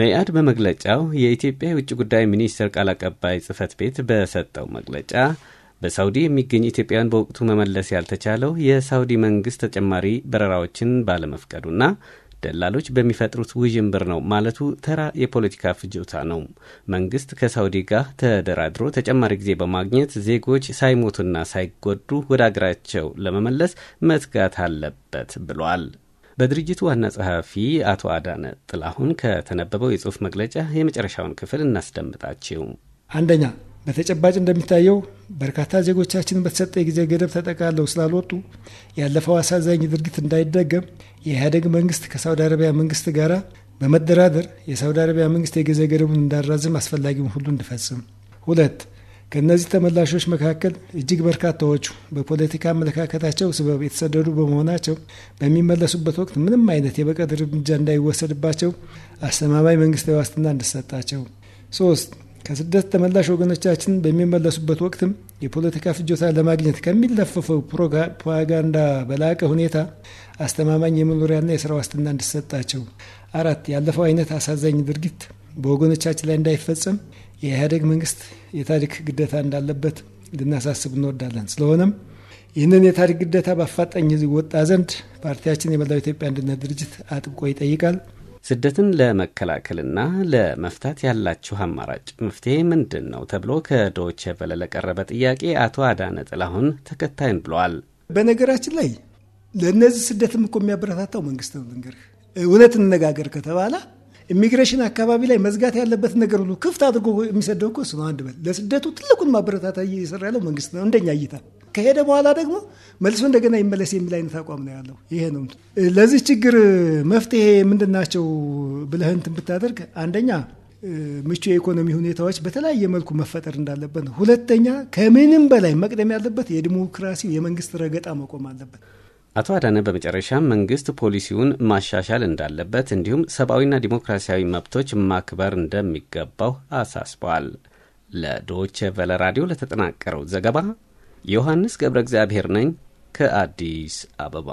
መኢአድ በመግለጫው የኢትዮጵያ የውጭ ጉዳይ ሚኒስቴር ቃል አቀባይ ጽህፈት ቤት በሰጠው መግለጫ በሳውዲ የሚገኝ ኢትዮጵያን በወቅቱ መመለስ ያልተቻለው የሳውዲ መንግስት ተጨማሪ በረራዎችን ባለመፍቀዱና ደላሎች በሚፈጥሩት ውዥንብር ነው ማለቱ ተራ የፖለቲካ ፍጆታ ነው። መንግስት ከሳውዲ ጋር ተደራድሮ ተጨማሪ ጊዜ በማግኘት ዜጎች ሳይሞቱና ሳይጎዱ ወደ አገራቸው ለመመለስ መትጋት አለበት ብሏል። በድርጅቱ ዋና ጸሐፊ አቶ አዳነ ጥላሁን ከተነበበው የጽሑፍ መግለጫ የመጨረሻውን ክፍል እናስደምጣችው። አንደኛ በተጨባጭ እንደሚታየው በርካታ ዜጎቻችን በተሰጠ የጊዜ ገደብ ተጠቃለው ስላልወጡ ያለፈው አሳዛኝ ድርጊት እንዳይደገም የኢህአዴግ መንግስት ከሳውዲ አረቢያ መንግስት ጋር በመደራደር የሳውዲ አረቢያ መንግስት የጊዜ ገደቡን እንዳራዝም አስፈላጊውን ሁሉ እንድፈጽም። ሁለት ከእነዚህ ተመላሾች መካከል እጅግ በርካታዎቹ በፖለቲካ አመለካከታቸው ስበብ የተሰደዱ በመሆናቸው በሚመለሱበት ወቅት ምንም አይነት የበቀል እርምጃ እንዳይወሰድባቸው አስተማማኝ መንግስታዊ ዋስትና እንዲሰጣቸው። ሶስት ከስደት ተመላሽ ወገኖቻችን በሚመለሱበት ወቅትም የፖለቲካ ፍጆታ ለማግኘት ከሚለፈፈው ፕሮፓጋንዳ በላቀ ሁኔታ አስተማማኝ የመኖሪያና የስራ ዋስትና እንዲሰጣቸው። አራት ያለፈው አይነት አሳዛኝ ድርጊት በወገኖቻችን ላይ እንዳይፈጸም የኢህአዴግ መንግስት የታሪክ ግዴታ እንዳለበት ልናሳስብ እንወዳለን። ስለሆነም ይህንን የታሪክ ግዴታ በአፋጣኝ ወጣ ዘንድ ፓርቲያችን የመላው ኢትዮጵያ አንድነት ድርጅት አጥብቆ ይጠይቃል። ስደትን ለመከላከልና ለመፍታት ያላችሁ አማራጭ መፍትሄ ምንድን ነው ተብሎ ከዶች በለ ለቀረበ ጥያቄ አቶ አዳነ ጥላሁን ተከታይን ብለዋል። በነገራችን ላይ ለእነዚህ ስደትም እኮ የሚያበረታታው መንግስት ነው። ልንገርህ፣ እውነት እንነጋገር ከተባለ ኢሚግሬሽን አካባቢ ላይ መዝጋት ያለበት ነገር ሁሉ ክፍት አድርጎ የሚሰደው እኮ እሱ ነው። አንድ በል ለስደቱ ትልቁን ማበረታታ እየሰራ ያለው መንግስት ነው፣ እንደኛ እይታ። ከሄደ በኋላ ደግሞ መልሶ እንደገና ይመለስ የሚል አይነት አቋም ነው ያለው። ይሄ ነው ለዚህ ችግር መፍትሄ ምንድን ናቸው ብለህ እንትን ብታደርግ፣ አንደኛ ምቹ የኢኮኖሚ ሁኔታዎች በተለያየ መልኩ መፈጠር እንዳለበት ነው። ሁለተኛ ከምንም በላይ መቅደም ያለበት የዲሞክራሲ የመንግስት ረገጣ መቆም አለበት። አቶ አዳነ በመጨረሻ መንግስት ፖሊሲውን ማሻሻል እንዳለበት እንዲሁም ሰብአዊና ዲሞክራሲያዊ መብቶች ማክበር እንደሚገባው አሳስበዋል። ለዶቼ ቨለ ራዲዮ ለተጠናቀረው ዘገባ ዮሐንስ ገብረ እግዚአብሔር ነኝ ከአዲስ አበባ